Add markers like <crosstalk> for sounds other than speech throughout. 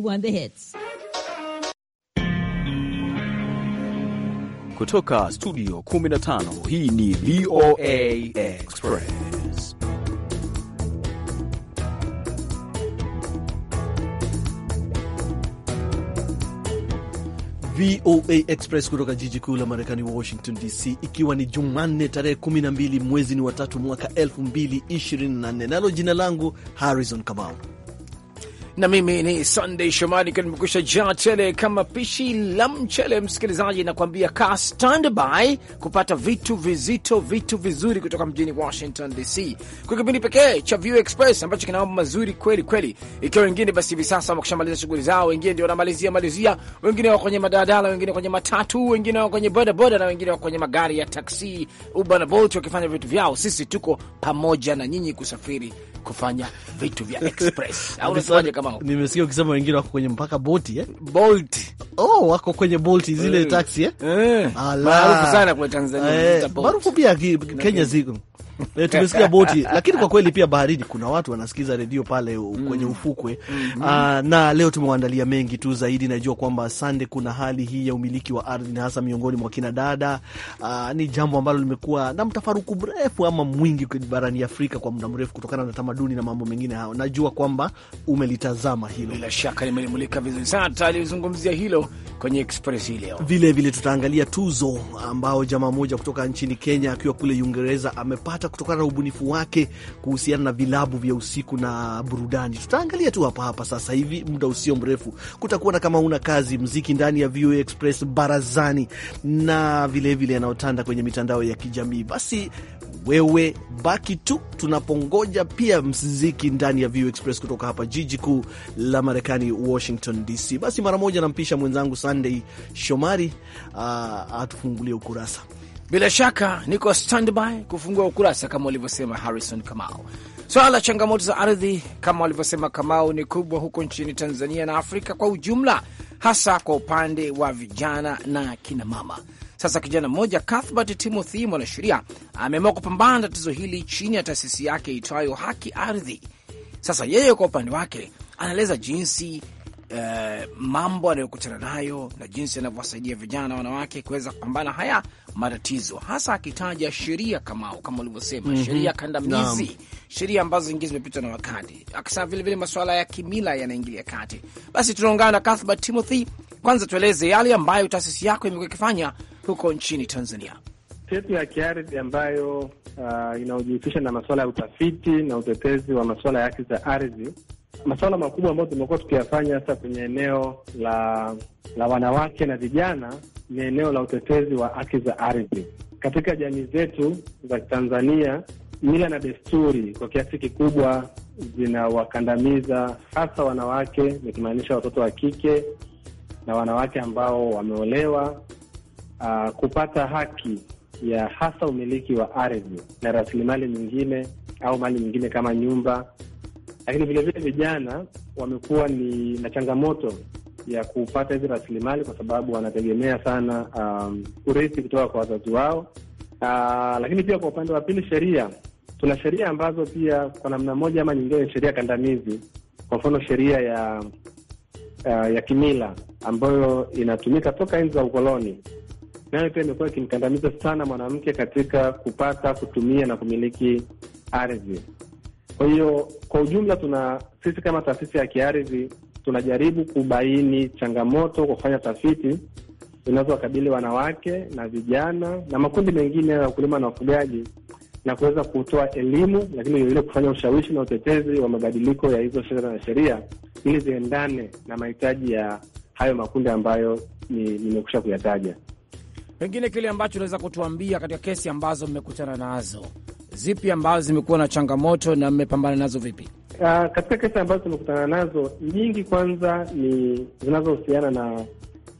One the hits. Kutoka studio 15 hii ni VOA Express. VOA Express kutoka jiji kuu la Marekani Washington DC, ikiwa ni Jumanne tarehe 12 mwezi ni watatu mwaka 2024, nalo jina langu Harrison Kamau na mimi ni Sunday Shomari, ikiwa nimekusha jaa tele kama pishi la mchele. Msikilizaji, nakuambia ka standby kupata vitu vizito, vitu vizuri kutoka mjini Washington DC kwa kipindi pekee cha View Express ambacho kina mambo mazuri kweli kweli, ikiwa wengine basi hivi sasa wakushamaliza shughuli zao, wengine ndio wanamalizia malizia, wengine wako kwenye madadala, wengine kwenye matatu, wengine wako kwenye bodaboda, na wengine wako kwenye magari ya taksi, Uber na Bolt wakifanya vitu vyao. Sisi tuko pamoja na nyinyi kusafiri kufanya vitu vya <laughs> express au unasemaje? Kama huko nimesikia ukisema wengine wako kwenye mpaka boti eh, bolt oh, wako kwenye bolt zile eh. taxi eh, eh. maarufu sana kwa Tanzania, eh, maarufu pia Kenya ziko E, tumesikia boti, lakini kwa kweli pia baharini kuna watu wanasikiza redio pale mm. kwenye ufukwe mm -hmm. Aa, ah, na leo tumewaandalia mengi tu zaidi. Najua kwamba sande, kuna hali hii ya umiliki wa ardhi na hasa miongoni mwa kina dada. Aa, ah, ni jambo ambalo limekuwa na mtafaruku mrefu ama mwingi barani Afrika kwa muda mrefu kutokana na tamaduni na mambo mengine hayo. Najua kwamba umelitazama hilo, bila shaka limelimulika vizuri sana, talizungumzia hilo kwenye Express hii leo. Vilevile tutaangalia tuzo ambao jamaa moja kutoka nchini Kenya akiwa kule Uingereza amepata hasa kutokana na ubunifu wake kuhusiana na vilabu vya usiku na burudani. Tutaangalia tu hapa hapa sasa hivi, muda usio mrefu kutakuwa na kama una kazi mziki ndani ya VOA Express barazani na vilevile yanayotanda kwenye mitandao ya kijamii. Basi wewe baki tu tunapongoja pia mziki ndani ya VOA Express kutoka hapa jiji kuu la Marekani, Washington DC. Basi mara moja nampisha mwenzangu Sunday Shomari ah, atufungulie ukurasa. Bila shaka niko standby kufungua ukurasa kama walivyosema Harrison Kamau. Swala so, la changamoto za ardhi kama walivyosema Kamau ni kubwa huko nchini Tanzania na Afrika kwa ujumla, hasa kwa upande wa vijana na kinamama. Sasa kijana mmoja Cuthbert Timothy, mwanasheria, ameamua kupambana na tatizo hili chini ya taasisi yake itwayo Haki Ardhi. Sasa yeye kwa upande wake anaeleza jinsi eh, mambo anayokutana nayo na jinsi anavyowasaidia vijana na wanawake kuweza kupambana haya matatizo, hasa akitaja sheria Kamau, kama ulivyosema, mm -hmm. sheria kandamizi, sheria ambazo zingine zimepitwa na wakati, akisema vilevile masuala ya kimila yanaingilia kati. Basi tunaungana na Cuthbert Timothy. Kwanza tueleze yale ambayo taasisi yako imekuwa ikifanya huko nchini Tanzania. Yetu ya kiardhi ambayo uh, inaojihusisha na masuala ya utafiti na utetezi wa masuala ya haki za ardhi. Masuala makubwa ambayo tumekuwa tukiyafanya hasa kwenye eneo la la wanawake na vijana ni eneo la utetezi wa haki za ardhi. Katika jamii zetu za Tanzania, mila na desturi kwa kiasi kikubwa zinawakandamiza hasa wanawake, nikimaanisha watoto wa kike na wanawake ambao wameolewa, uh, kupata haki ya hasa umiliki wa ardhi na rasilimali nyingine au mali nyingine kama nyumba. Lakini vilevile vijana wamekuwa ni na changamoto ya kupata hizi rasilimali, kwa sababu wanategemea sana um, urithi kutoka kwa wazazi wao. Uh, lakini pia kwa upande wa pili, sheria, tuna sheria ambazo pia kwa namna moja ama nyingine ni sheria kandamizi, kwa mfano sheria ya uh, ya kimila ambayo inatumika toka enzi za ukoloni, nayo pia imekuwa ikimkandamiza sana mwanamke katika kupata, kutumia na kumiliki ardhi. Kwa hiyo kwa ujumla, tuna sisi kama taasisi ya kiardhi tunajaribu kubaini changamoto kwa kufanya tafiti zinazowakabili wanawake na vijana na makundi mengine ya wakulima na wafugaji na kuweza kutoa elimu, lakini vilevile kufanya ushawishi na utetezi wa mabadiliko ya hizo sera na sheria ili ziendane na mahitaji ya hayo makundi ambayo nimekusha ni kuyataja. Pengine kile ambacho unaweza kutuambia katika kesi ambazo mmekutana nazo zipi ambazo zimekuwa na changamoto na mmepambana nazo vipi? Uh, katika kesi ambazo tumekutana nazo nyingi, kwanza ni zinazohusiana na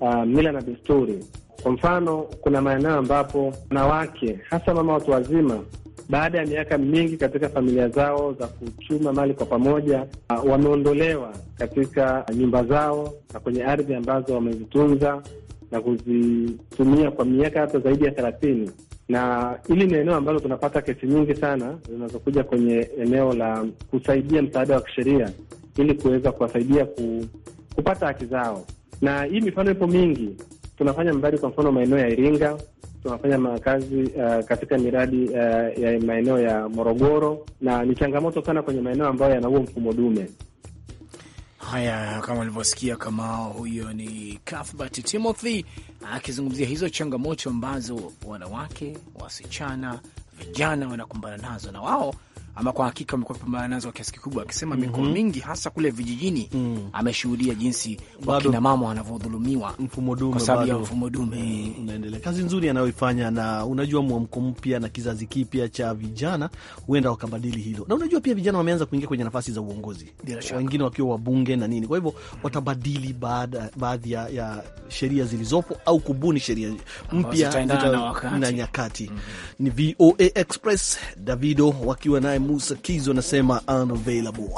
uh, mila na desturi. Kwa mfano, kuna maeneo ambapo wanawake hasa mama watu wazima baada ya miaka mingi katika familia zao za kuchuma mali kwa pamoja, uh, wameondolewa katika nyumba zao na kwenye ardhi ambazo wamezitunza na kuzitumia kwa miaka hata zaidi ya thelathini na hili ni eneo ambalo tunapata kesi nyingi sana zinazokuja kwenye eneo la kusaidia msaada wa kisheria ili kuweza kuwasaidia ku, kupata haki zao, na hii mifano ipo mingi. Tunafanya mradi kwa mfano maeneo ya Iringa, tunafanya makazi uh, katika miradi uh, ya maeneo ya Morogoro, na ni changamoto sana kwenye maeneo ambayo yana huo mfumo dume. Haya, kama ulivyosikia, kama huyo ni Cuthbert Timothy akizungumzia hizo changamoto ambazo wanawake, wasichana, vijana wanakumbana nazo, na wao ama kwa hakika amekuwa pambana nazo kwa kiasi kikubwa, akisema mm -hmm. mikoa mingi hasa kule vijijini mm. ameshuhudia jinsi wakina mama wanavyodhulumiwa mfumo dume, kwa sababu ya mfumo dume. Mm, unaendelea kazi nzuri anayoifanya, na unajua mwamko mpya na kizazi kipya cha vijana huenda wakabadili hilo, na unajua pia vijana wameanza kuingia kwenye nafasi za uongozi, wengine wakiwa wabunge na nini. Kwa hivyo watabadili baada baadhi ya, ya sheria zilizopo au kubuni sheria mpya na nyakati. mm -hmm. Ni VOA Express Davido wakiwa naye Musa Kizo anasema unavailable.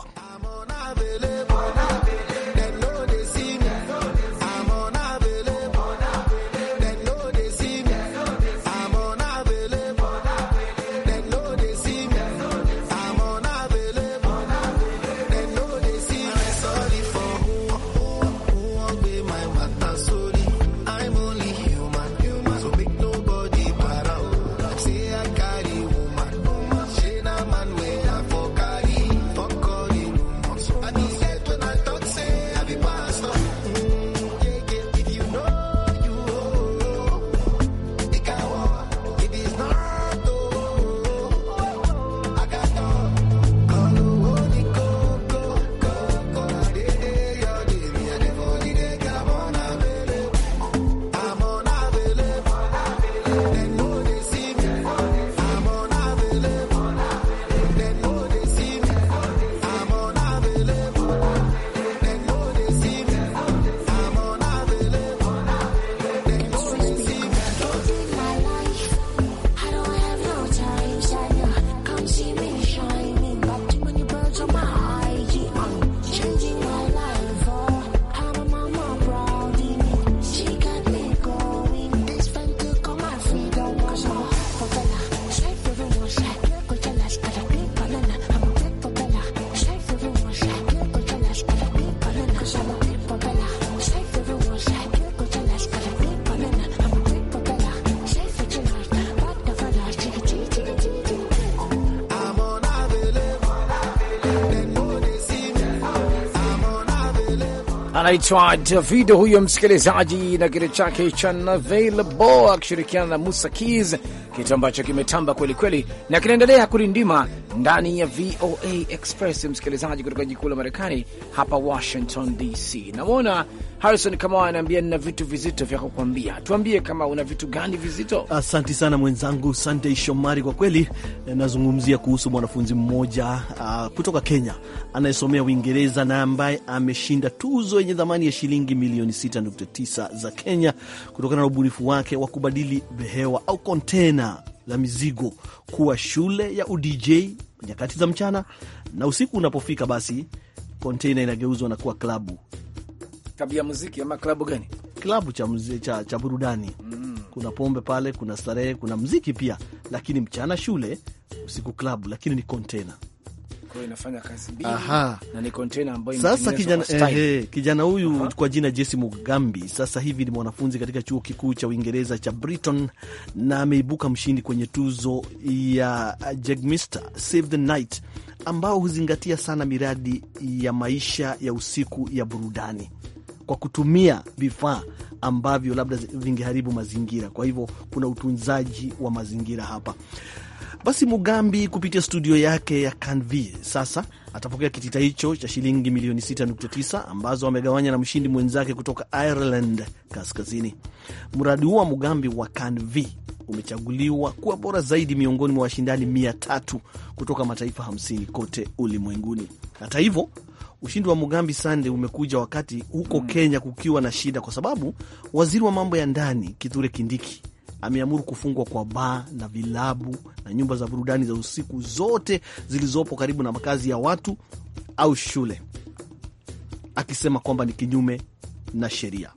anaitwa Davido huyo msikilizaji, na kile chake cha Navailable akishirikiana na Musa Keys, kitu ambacho kimetamba kwelikweli na kinaendelea kurindima ndani ya VOA Express, msikilizaji kutoka jikuu la Marekani hapa Washington DC. Namwona Harrison kama anaambia nina vitu vizito vya kukwambia, tuambie kama una vitu gani vizito. Asanti sana mwenzangu sandey Shomari. Kwa kweli eh, nazungumzia kuhusu mwanafunzi mmoja uh, kutoka Kenya anayesomea Uingereza na ambaye ameshinda tuzo yenye thamani ya shilingi milioni 6.9 za Kenya kutokana na ubunifu wake wa kubadili behewa au kontena la mizigo kuwa shule ya udj nyakati za mchana, na usiku unapofika, basi kontena inageuzwa na kuwa klabu klabu ya muziki ama klabu gani? Klabu cha, cha, cha burudani mm. Kuna pombe pale, kuna starehe, kuna mziki pia, lakini mchana shule, usiku klabu, lakini ni kontena kwa inafanya kazi mbili na ni container ambayo sasa kijana eh, eh, kijana huyu Aha. kwa jina Jesse Mugambi sasa hivi ni mwanafunzi katika chuo kikuu cha Uingereza cha Brighton na ameibuka mshindi kwenye tuzo ya eh, Jagmister Save the Night ambao huzingatia sana miradi ya maisha ya usiku ya burudani kwa kutumia vifaa ambavyo labda vingeharibu mazingira. Kwa hivyo kuna utunzaji wa mazingira hapa. Basi Mugambi kupitia studio yake ya canv sasa atapokea kitita hicho cha shilingi milioni 6.9 ambazo amegawanya na mshindi mwenzake kutoka Ireland Kaskazini. Mradi huo wa Mugambi wa canv umechaguliwa kuwa bora zaidi miongoni mwa washindani 300 kutoka mataifa 50 kote ulimwenguni. Hata hivyo ushindi wa Mugambi Sande umekuja wakati huko hmm. Kenya kukiwa na shida, kwa sababu waziri wa mambo ya ndani Kithure Kindiki ameamuru kufungwa kwa baa na vilabu na nyumba za burudani za usiku zote zilizopo karibu na makazi ya watu au shule, akisema kwamba ni kinyume na sheria.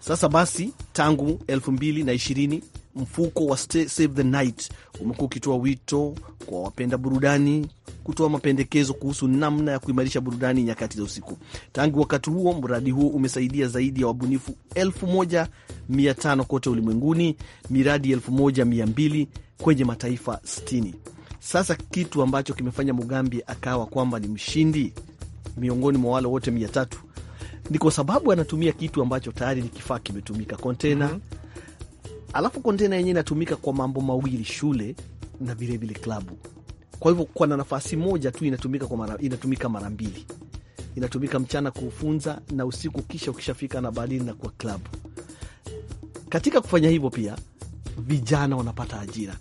Sasa basi, tangu elfu mbili na ishirini Mfuko wa Save the Night umekuwa ukitoa wito kwa wapenda burudani kutoa mapendekezo kuhusu namna ya kuimarisha burudani nyakati za usiku. Tangu wakati huo, mradi huo umesaidia zaidi ya wabunifu 1500 kote ulimwenguni, miradi 1200 kwenye mataifa 60. Sasa kitu ambacho kimefanya Mugambi akawa kwamba ni mshindi miongoni mwa wale wote 300 ni kwa sababu anatumia kitu ambacho tayari ni kifaa kimetumika, kontena mm -hmm alafu kontena yenyewe inatumika kwa mambo mawili, shule na vilevile klabu. Kwa hivyo kwa na nafasi moja tu inatumika kwa mara, inatumika mara mbili, inatumika mchana kufunza na usiku, kisha ukishafika na badili na kwa klabu. Katika kufanya hivyo pia vijana wanapata ajira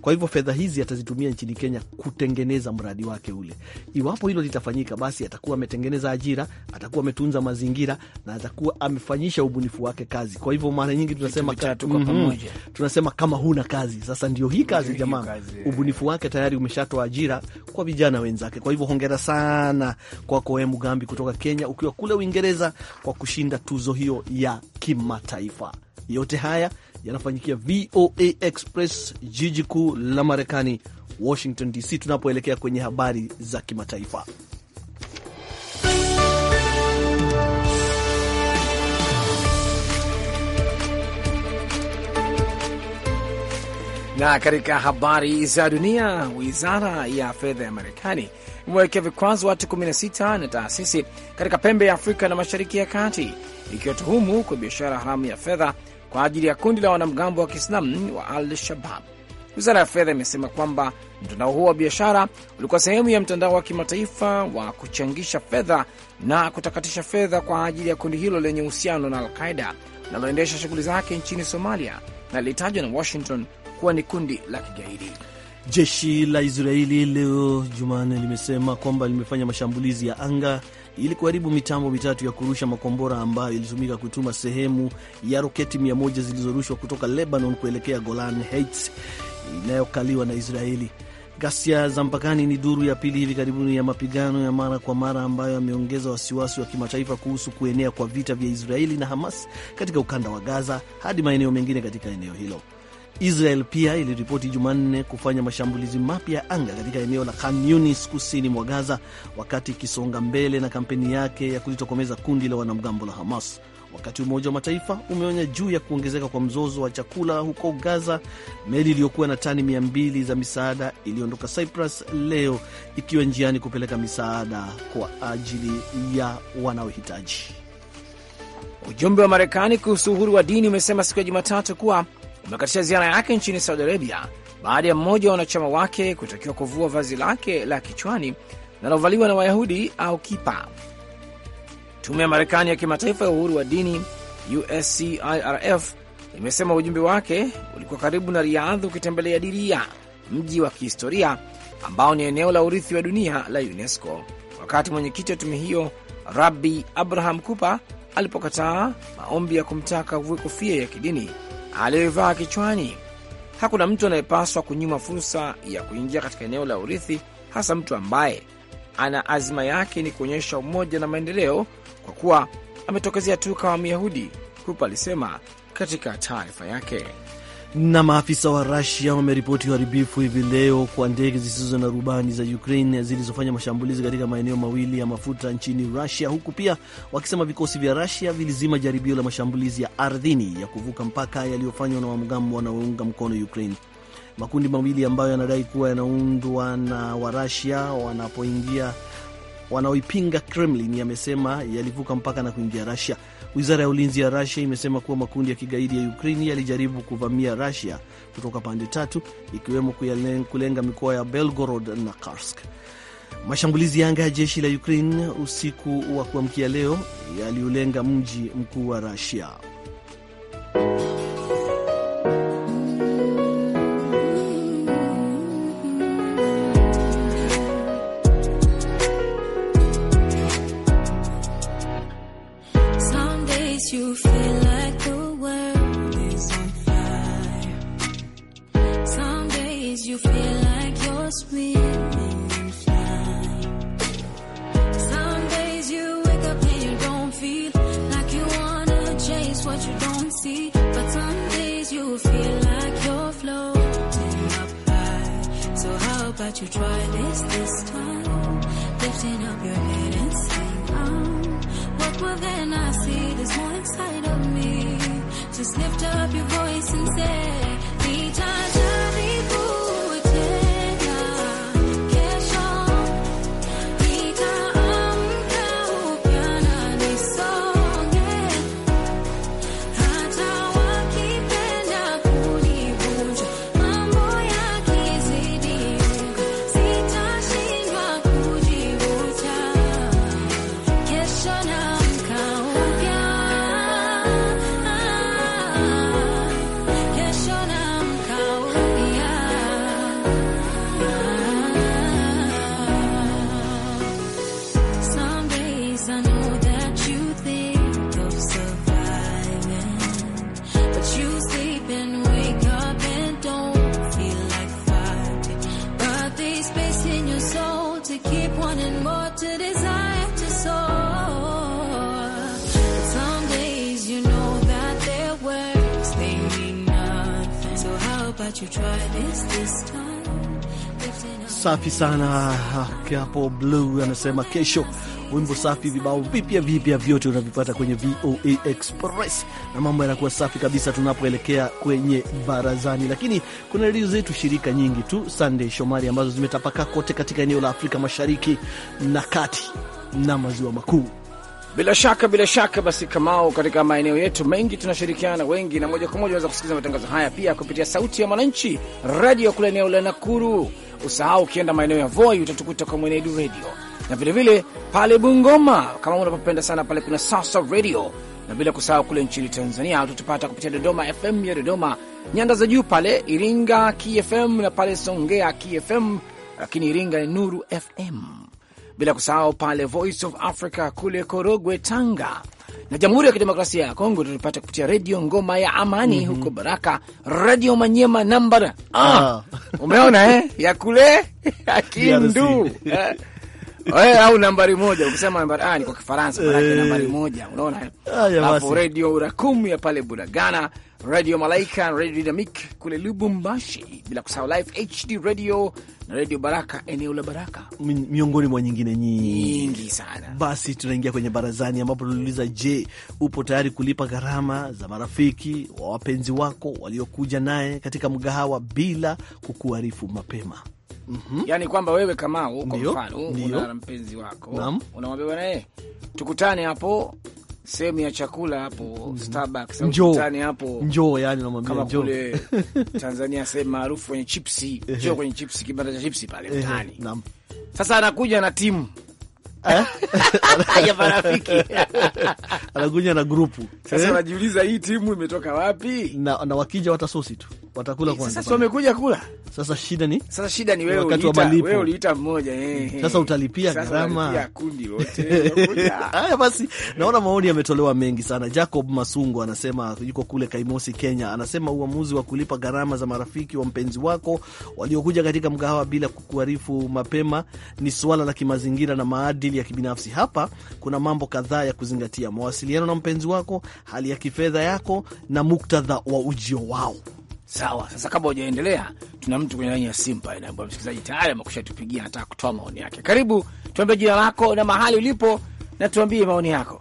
kwa hivyo fedha hizi atazitumia nchini Kenya kutengeneza mradi wake ule. Iwapo hilo litafanyika, basi atakuwa ametengeneza ajira, atakuwa ametunza mazingira na atakuwa amefanyisha ubunifu wake kazi. Kwa hivyo mara nyingi tunasema ka, mm -hmm, tunasema kama huna kazi sasa, ndio hii kazi jamaa, eh. ubunifu wake tayari umeshatoa ajira kwa vijana wenzake. Kwa hivyo hongera sana kwako wewe Mugambi kutoka Kenya ukiwa kule Uingereza kwa kushinda tuzo hiyo ya kimataifa. Yote haya yanafanyikia VOA Express, jiji kuu la Marekani, Washington DC, tunapoelekea kwenye habari za kimataifa. Na katika habari za dunia, wizara ya fedha ya Marekani imewekea vikwazo watu 16 na taasisi katika pembe ya Afrika na Mashariki ya Kati, ikiwatuhumu kwa biashara haramu ya fedha kwa ajili ya kundi la wanamgambo wa kiislam wa Al Shabab. Wizara ya fedha imesema kwamba mtandao huo wa biashara ulikuwa sehemu ya mtandao wa kimataifa wa kuchangisha fedha na kutakatisha fedha kwa ajili ya kundi hilo lenye uhusiano na Alqaida linaloendesha shughuli zake nchini Somalia na lilitajwa na Washington kuwa ni kundi la kigaidi. Jeshi la Israeli leo Jumanne limesema kwamba limefanya mashambulizi ya anga ili kuharibu mitambo mitatu ya kurusha makombora ambayo ilitumika kutuma sehemu ya roketi 1 zilizorushwa kutoka Lebanon kuelekea Golan Heights inayokaliwa na Israeli. Ghasia za mpakani ni duru ya pili hivi karibuni ya mapigano ya mara kwa mara ambayo yameongeza wasiwasi wa kimataifa kuhusu kuenea kwa vita vya Israeli na Hamas katika ukanda wa Gaza hadi maeneo mengine katika eneo hilo. Israel pia iliripoti Jumanne kufanya mashambulizi mapya ya anga katika eneo la Khan Yunis kusini mwa Gaza, wakati ikisonga mbele na kampeni yake ya kulitokomeza kundi la wanamgambo la Hamas. Wakati Umoja wa Mataifa umeonya juu ya kuongezeka kwa mzozo wa chakula huko Gaza, meli iliyokuwa na tani 200 za misaada iliondoka Cyprus leo ikiwa njiani kupeleka misaada kwa ajili ya wanaohitaji. Ujumbe wa Marekani kuhusu uhuru wa dini umesema siku ya Jumatatu kuwa umekatisha ziara yake nchini Saudi Arabia baada ya mmoja wa wanachama wake kutakiwa kuvua vazi lake la kichwani linalovaliwa na Wayahudi au kipa. Tume ya Marekani ya Kimataifa ya Uhuru wa Dini, USCIRF, imesema ujumbe wake ulikuwa karibu na Riyadh ukitembelea Diria, mji wa kihistoria ambao ni eneo la urithi wa dunia la UNESCO, wakati mwenyekiti wa tume hiyo Rabbi Abraham Kupa alipokataa maombi ya kumtaka uvue kofia ya kidini aliyoivaa kichwani. Hakuna mtu anayepaswa kunyima fursa ya kuingia katika eneo la urithi, hasa mtu ambaye ana azima yake ni kuonyesha umoja na maendeleo, kwa kuwa ametokezea tu kama Myahudi, Krupa alisema katika taarifa yake. Na maafisa wa Rusia wameripoti uharibifu hivi leo kwa ndege zisizo na rubani za Ukraine zilizofanya mashambulizi katika maeneo mawili ya mafuta nchini Rusia, huku pia wakisema vikosi vya Rusia vilizima jaribio la mashambulizi ya ardhini ya kuvuka mpaka yaliyofanywa na wanamgambo wanaounga mkono Ukraine. Makundi mawili ambayo yanadai kuwa yanaundwa na Warusia wanapoingia wanaoipinga Kremlin yamesema yalivuka mpaka na kuingia Rusia. Wizara ya ulinzi ya Rusia imesema kuwa makundi ya kigaidi ya Ukraini yalijaribu kuvamia Rusia kutoka pande tatu, ikiwemo kulenga mikoa ya Belgorod na Kursk. Mashambulizi ya anga ya jeshi la Ukraine usiku wa kuamkia leo yaliulenga mji mkuu wa Rusia. sincero. Safi sana hapo. Blue anasema kesho, wimbo safi, vibao vipya vipya vyote unavipata kwenye VOA Express, na mambo yanakuwa safi kabisa tunapoelekea kwenye barazani. Lakini kuna redio zetu shirika nyingi tu, Sunday Shomari, ambazo zimetapakaa kote katika eneo la Afrika Mashariki na Kati na Maziwa Makuu. Bila shaka bila shaka, basi kamao, katika maeneo yetu mengi tunashirikiana wengi, na moja kwa moja unaweza kusikiliza matangazo haya pia kupitia Sauti ya Mwananchi radio kule eneo la Nakuru. Usahau ukienda maeneo ya Voi utatukuta kwa Mwenedu radio, na vilevile vile, pale Bungoma kama unapopenda sana pale kuna Sasa radio, na bila kusahau kule nchini Tanzania utatupata kupitia Dodoma FM ya Dodoma, nyanda za juu pale Iringa KFM na pale Songea KFM, lakini Iringa ni Nuru FM bila kusahau pale Voice of Africa kule Korogwe, Tanga na Jamhuri ya Kidemokrasia ya Kongo tulipata kupitia redio Ngoma ya Amani mm -hmm. huko Baraka, redio Manyema namba ah, umeona eh? ya kule <laughs> Kindu <laughs> Eh, au nambari moja ukisema nambari ah, ni kwa Kifaransa maana eh. nambari moja, unaona? Hapo ah, Radio urakumu ya pale Bunagana, Radio Malaika, Radio Dynamic kule Lubumbashi, bila kusahau Live HD Radio na Radio Baraka eneo la Baraka, miongoni mwa nyingine nyingi sana. Basi tunaingia kwenye barazani ambapo tunauliza, je, upo tayari kulipa gharama za marafiki wa wapenzi wako waliokuja naye katika mgahawa bila kukuarifu mapema? mm -hmm. Yani kwamba wewe kama kwa mfano una mpenzi wako unamwambia bwana, eh, tukutane hapo sehemu ya chakula hapo mhm. Starbucks au tukutane hapo njoo, yani unamwambia kama kule <laughs> Tanzania, sehemu maarufu kwenye chipsi, njoo kwenye chipsi, kibanda cha chipsi pale mtaani. Sasa anakuja na timu Eh? ya marafiki <laughs> anakunywa na grupu. Sasa anajiuliza eh? hii timu imetoka wapi? Na, na wakija watasosi tu watakula kwanza. Sasa wamekuja kula. Sasa shida ni sasa, shida ni wewe uliita, wewe uliita mmoja eh. Sasa utalipia gharama kundi lote. <laughs> Haya basi, naona maoni yametolewa mengi sana. Jacob Masungu anasema yuko kule Kaimosi, Kenya, anasema uamuzi wa kulipa gharama za marafiki wa mpenzi wako waliokuja katika mgahawa bila kukuarifu mapema ni swala la kimazingira na maadili maadili ya kibinafsi. Hapa kuna mambo kadhaa ya kuzingatia: mawasiliano na mpenzi wako, hali ya kifedha yako na muktadha wa ujio wao. Sawa. Sasa kabla hujaendelea, tuna mtu kwenye laini ya simpa inaambia msikilizaji tayari amekusha tupigia, anataka kutoa maoni yake. Karibu, tuambie jina lako na mahali ulipo na tuambie maoni yako.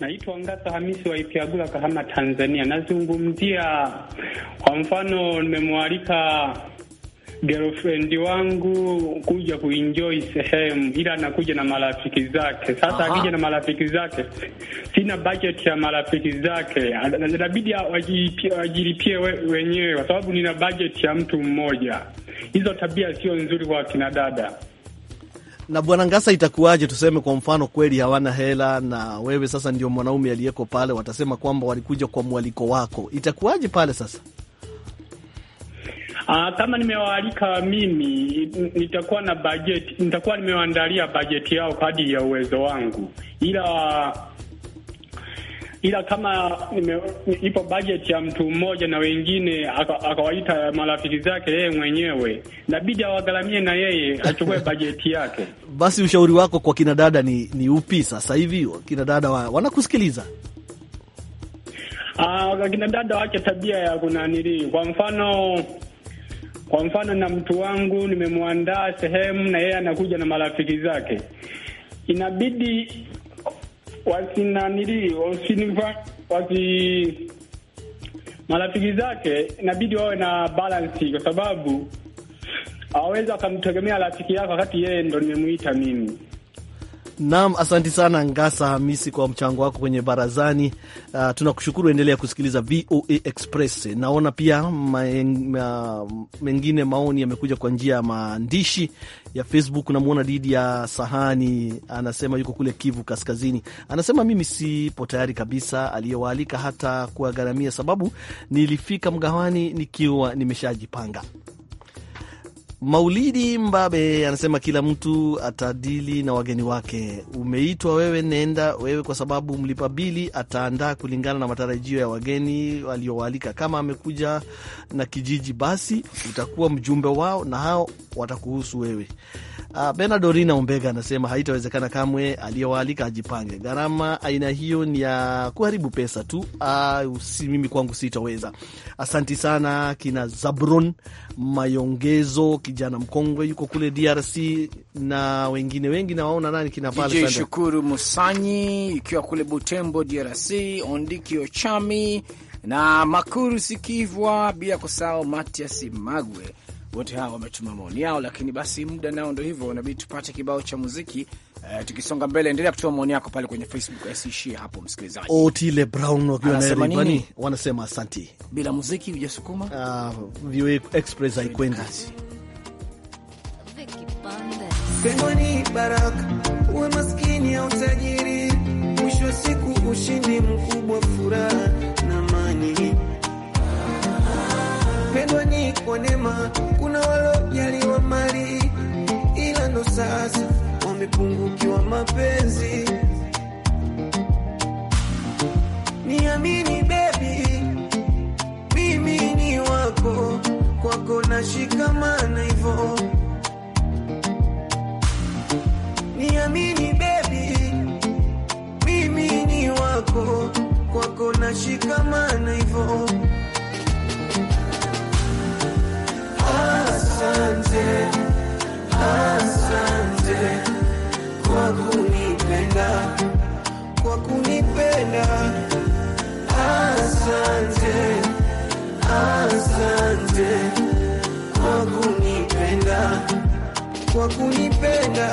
Naitwa Ngasa Hamisi wa Ipiagula, Kahama, Tanzania. Nazungumzia kwa mfano, nimemwalika girlfriend wangu kuja kuenjoy sehemu, ila anakuja na marafiki zake. Sasa akija na marafiki zake, sina budget ya marafiki zake, inabidi wajilipie wenyewe, kwa sababu nina budget ya mtu mmoja. Hizo tabia sio nzuri kwa kina dada. Na bwana Ngasa, itakuwaje? Tuseme kwa mfano kweli hawana hela, na wewe sasa ndio mwanaume aliyeko pale, watasema kwamba walikuja kwa mwaliko wako, itakuwaje pale sasa? Aa, ah, kama nimewaalika mimi nitakuwa na budget, nitakuwa nimewaandalia bajeti yao kadri ya uwezo wangu, ila ila kama nime, ipo bajeti ya mtu mmoja na wengine akawaita aka marafiki zake yeye mwenyewe, nabidi awagharamie na yeye achukue <laughs> bajeti yake. Basi ushauri wako kwa kina dada ni, ni upi sasa hivi? Kina dada wa, wanakusikiliza ah, kina dada wache tabia ya kunanili. Kwa mfano kwa mfano, na mtu wangu nimemwandaa sehemu na yeye anakuja na marafiki zake, inabidi wasinanili wasinifa wasi marafiki zake, inabidi wawe na balansi, kwa sababu hawawezi akamtegemea rafiki yako wakati yeye ndo nimemuita mimi Naam, asanti sana Ngasa Hamisi kwa mchango wako kwenye barazani. Uh, tunakushukuru, endelea kusikiliza VOA Express. Naona pia mengine maoni yamekuja kwa njia ya maandishi ya Facebook. Namwona Didi ya Sahani anasema yuko kule Kivu Kaskazini, anasema mimi sipo tayari kabisa aliyewaalika hata kuwagharamia, sababu nilifika mgawani nikiwa nimeshajipanga. Maulidi Mbabe anasema kila mtu atadili na wageni wake. Umeitwa wewe, nenda wewe, kwa sababu mlipa bili ataandaa kulingana na matarajio ya wageni waliowaalika. Kama amekuja na kijiji, basi utakuwa mjumbe wao na hao watakuhusu wewe. Uh, ah, Benadorina Umbega anasema haitawezekana kamwe, aliyewaalika ajipange. Gharama aina hiyo ni ya kuharibu pesa tu. Uh, si mimi kwangu sitaweza. Asanti sana kina Zabron Mayongezo, kijana mkongwe yuko kule DRC na wengine wengi, nawaona nani kina pale Shukuru Musanyi ikiwa kule Butembo DRC, Ondiki Ochami na Makuru Sikivwa, bila kusahau Matias Magwe wote hawa wametuma maoni yao, lakini basi muda nao ndo hivyo, inabidi tupate kibao cha muziki. Uh, tukisonga mbele, endelea kutuma maoni yako pale kwenye Facebook, asiishie eh, hapo msikilizaji. Otile Brown wakiwa Nairobi wanasema asanti, bila muziki hujasukuma. Uh, VOA Express haikwendi pengoni. Baraka uwe maskini au tajiri, mwisho wa siku ushindi mkubwa, furaha na amani. Pendwa ni kwa neema kuna walojaliwa mali, ila ndo sasa wamepungukiwa mapenzi. Niamini baby, mimi ni wako, kwako nashikamana hivyo. Niamini baby, mimi ni wako, kwako nashikamana hivyo. Asante, asante kwa kunipenda, kwa kunipenda. Asante, asante kwa kunipenda, kwa kunipenda.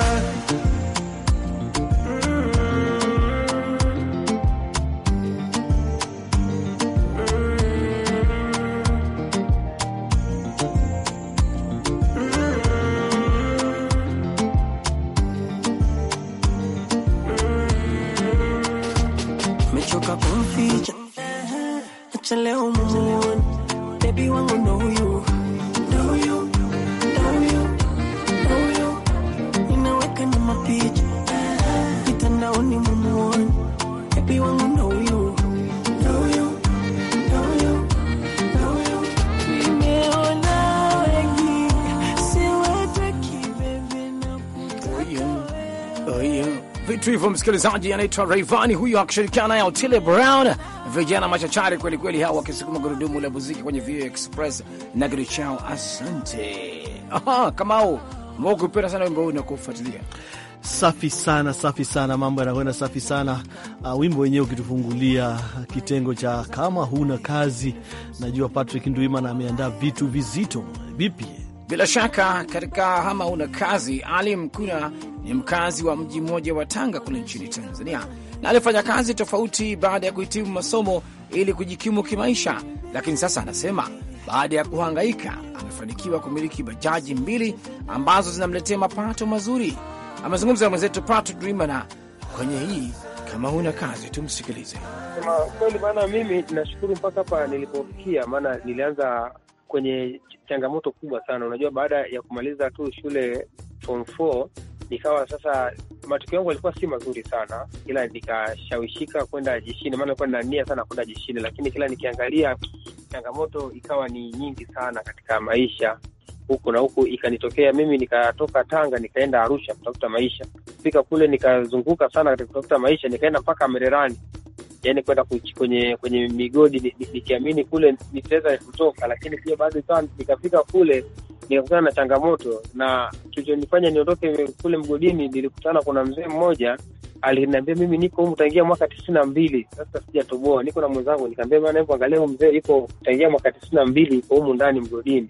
Baby wangu know you. Know you. Know you. Know you. Ninaweka na mapicha mitandaoni mumuoni. Baby wangu know you. Know you. Know you. Know you. Nimeona wengi, siwataki baby na. Oh yeah. Oh yeah vitu hivyo, msikilizaji. Anaitwa Rayvanny huyo akishirikiana naye Otile Brown, vijana machachari kweli kweli hao wakisukuma gurudumu la muziki kwenye VOA Express na kitu chao. Asante Kamau mokupenda sana wimbo huu na kufuatilia Safi sana, safi sana, mambo yanakwenda safi sana. Uh, wimbo wenyewe ukitufungulia kitengo cha kama huna kazi, najua Patrick Ndwimana ameandaa vitu vizito. Vipi? Bila shaka katika kama huna kazi, Alim kuna ni mkazi wa mji mmoja wa Tanga kule nchini Tanzania, na alifanya kazi tofauti baada ya kuhitimu masomo ili kujikimu kimaisha, lakini sasa anasema baada ya kuhangaika amefanikiwa kumiliki bajaji mbili ambazo zinamletea mapato mazuri. Amezungumza na mwenzetu Patrick Dwimana kwenye hii. Kama huna kazi, tumsikilize. Sema kweli, maana mimi nashukuru mpaka hapa nilipofikia, maana nilianza kwenye changamoto kubwa sana. Unajua, baada ya kumaliza tu shule form four nikawa sasa matokeo yangu yalikuwa si mazuri sana, ila nikashawishika kwenda jeshini, maana nilikuwa nania sana kwenda jeshini, lakini kila nikiangalia changamoto ikawa ni nyingi sana katika maisha huku na huku, ikanitokea mimi nikatoka Tanga nikaenda Arusha kutafuta maisha. fika kule nikazunguka sana katika kutafuta maisha, nikaenda mpaka Mererani, yani kwenda kwenye kwenye migodi nikiamini kule nitaweza kutoka, lakini pia bado ikawa nikafika kule nikakutana na changamoto, na kilichonifanya niondoke kule mgodini, nilikutana kuna mzee mmoja aliniambia mimi niko humu tangia mwaka tisini na mbili sasa sijatoboa, niko na mwenzangu. Nikaambia maana hivyo, angalia huyu mzee iko tangia mwaka tisini na mbili iko humu ndani mgodini.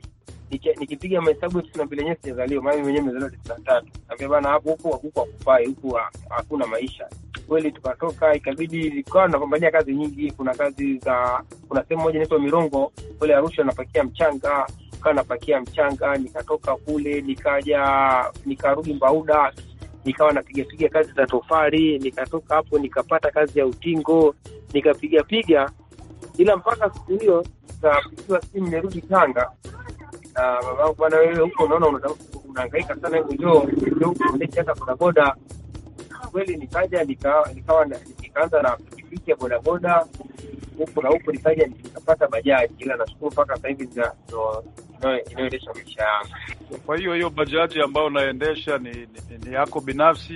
Nikipiga mahesabu tisini na mbili yenyewe sijazaliwa, maana mwenyewe nimezaliwa tisini na tatu. Kaambia bana, hapo huku huku hakufai, huku hakuna maisha kweli. Tukatoka, ikabidi ikawa napambania kazi nyingi. Kuna kazi za, kuna sehemu moja inaitwa Mirongo kule Arusha, napakia mchanga nikawa napakia mchanga, nikatoka kule nikaja nikarudi Mbauda, nikawa napigapiga kazi za tofali, nikatoka hapo nikapata kazi ya utingo, nikapigapiga, ila mpaka siku hiyo nikapigiwa simu nirudi Tanga na mamangu, bwana, wewe huko unaona unahangaika sana, hebu njoo uendeshe hata bodaboda. Kweli nikaja nikawa nikaanza na pikipiki ya bodaboda huku na huku, nikaja nikapata bajaji, ila nashukuru mpaka sahivi hivi inayoendesha maisha yangu. Kwa hiyo hiyo bajaji ambayo unaendesha ni, ni, ni yako binafsi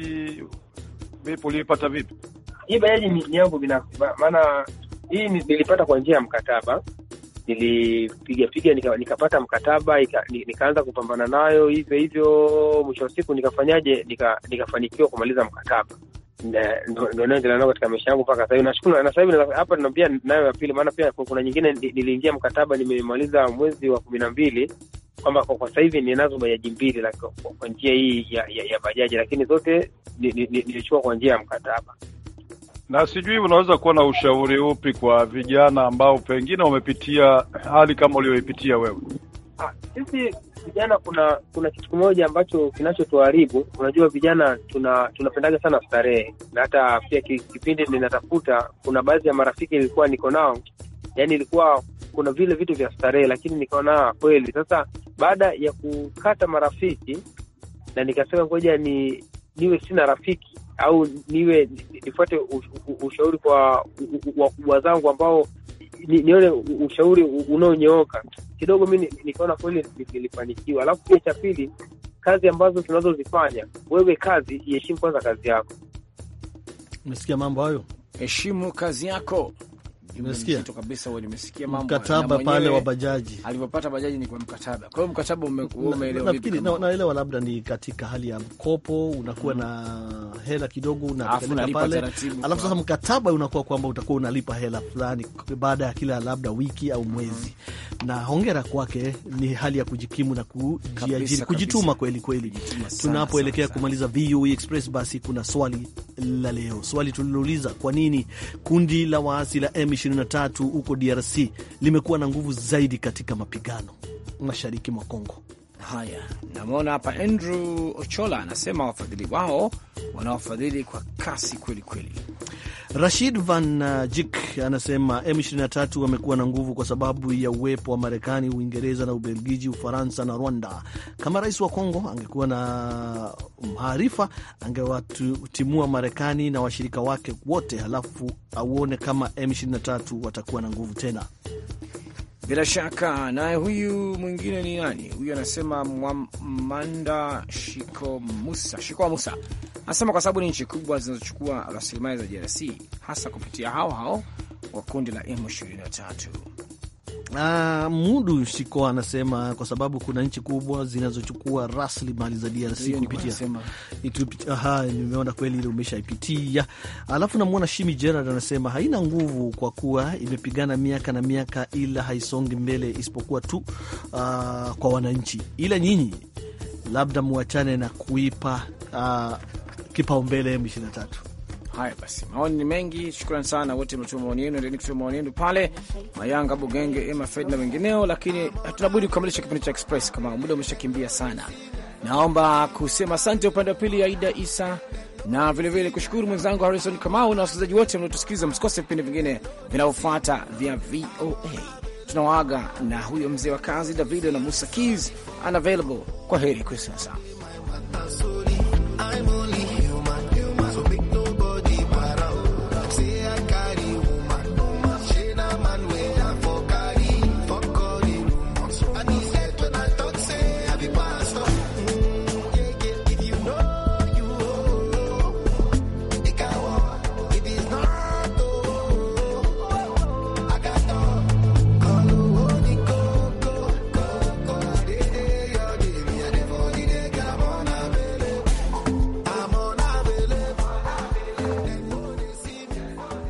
vipi? Uliipata vipi hii bajaji? Ni, ni yangu binafsi, maana hii nilipata kwa njia ya mkataba nilipiga piga nika, nikapata mkataba nika, nikaanza kupambana nayo hivyo hivyo, mwisho wa siku nikafanyaje, nika, nikafanikiwa kumaliza mkataba. Eh, ndo naendelea nao katika maisha yangu mpaka sasa hivi. Nashukuru na sasa hivi hapa pia nayo ya pili, maana pia kuna nyingine niliingia mkataba nimemaliza mwezi wa kumi na mbili kwamba kwa sasa hivi ninazo bajaji mbili kwa njia hii ya, ya, ya bajaji, lakini zote nilichukua kwa njia ya mkataba. Na sijui unaweza kuwa na ushauri upi kwa vijana ambao pengine wamepitia hali kama ulioipitia wewe? Ah, sisi vijana, kuna kuna kitu kimoja ambacho kinachotuharibu. Unajua, vijana tuna tunapendaga sana starehe, na hata pia kipindi ninatafuta, kuna baadhi ya marafiki nilikuwa niko nao, yani ilikuwa kuna vile vitu vya starehe, lakini nikaona ah, kweli. Sasa baada ya kukata marafiki, na nikasema ngoja ni niwe sina rafiki au niwe nifuate ushauri kwa wakubwa zangu ambao nione ushauri unaonyooka kidogo, mi nikaona kweli nilifanikiwa. Alafu pia cha pili, kazi ambazo tunazozifanya wewe, kazi iheshimu kwanza kazi yako. Umesikia mambo hayo, heshimu kazi yako mkataba pale wa bajaji, alivyopata bajaji ni kwa mkataba. Kwa hiyo mkataba umeelewa vipi? naelewa, labda ni katika hali ya mkopo, unakuwa na hela kidogo unapeleka pale, alafu sasa mkataba unakuwa kwamba utakuwa unalipa hela fulani baada ya kila labda wiki au mwezi mm-hmm. na hongera kwake, ni hali ya kujikimu na kujiajiri, kujituma kweli kweli. Tunapoelekea kumaliza VOA Express, basi kuna swali la leo, swali tuliloliza, kwa nini kundi la waasi la M 23 huko DRC limekuwa na nguvu zaidi katika mapigano mashariki mwa Kongo. Haya, namwona hapa Andrew Ochola anasema wafadhili wao wanawafadhili kwa kasi kweli kweli. Rashid Van Jik anasema M23 wamekuwa na nguvu kwa sababu ya uwepo wa Marekani, Uingereza na Ubelgiji, Ufaransa na Rwanda. Kama rais wa Kongo angekuwa na maarifa, angewatimua Marekani na washirika wake wote, halafu auone kama M23 watakuwa na nguvu tena. Bila shaka. Naye huyu mwingine ni nani huyu? Anasema Mwamanda Shiko Musa, Shiko Musa Anasema kwa sababu ni nchi kubwa zinazochukua rasilimali za DRC hasa kupitia hao hao wa kundi la M23. Uh, Mudu Shiko anasema kwa sababu kuna nchi kubwa zinazochukua rasilimali za DRC kupitia. Aha, nimeona kweli ile umeshaipitia. Alafu namwona Shimi Gerard anasema haina nguvu kwa kuwa imepigana miaka na miaka, ila haisongi mbele isipokuwa tu uh, kwa wananchi, ila nyinyi labda muachane na kuipa uh, kipaumbele M23. Haya basi, maoni ni mengi. Shukrani sana wote mmetuma maoni yenu, endeni kutoa maoni yenu pale Mayanga, Bugenge, Emma Fred na wengineo, lakini hatunabudi kukamilisha kipindi cha Express kama muda umeshakimbia sana. Naomba kusema asante upande wa pili Aida Isa na vilevile kushukuru mwenzangu Harrison Kamau na wasikilizaji wote mnaotusikiliza. Msikose vipindi vingine vinavyofuata vya VOA. Tunawaaga na huyo mzee wa kazi Davido na Musa Keys, unavailable. Kwa heri kwa sasa.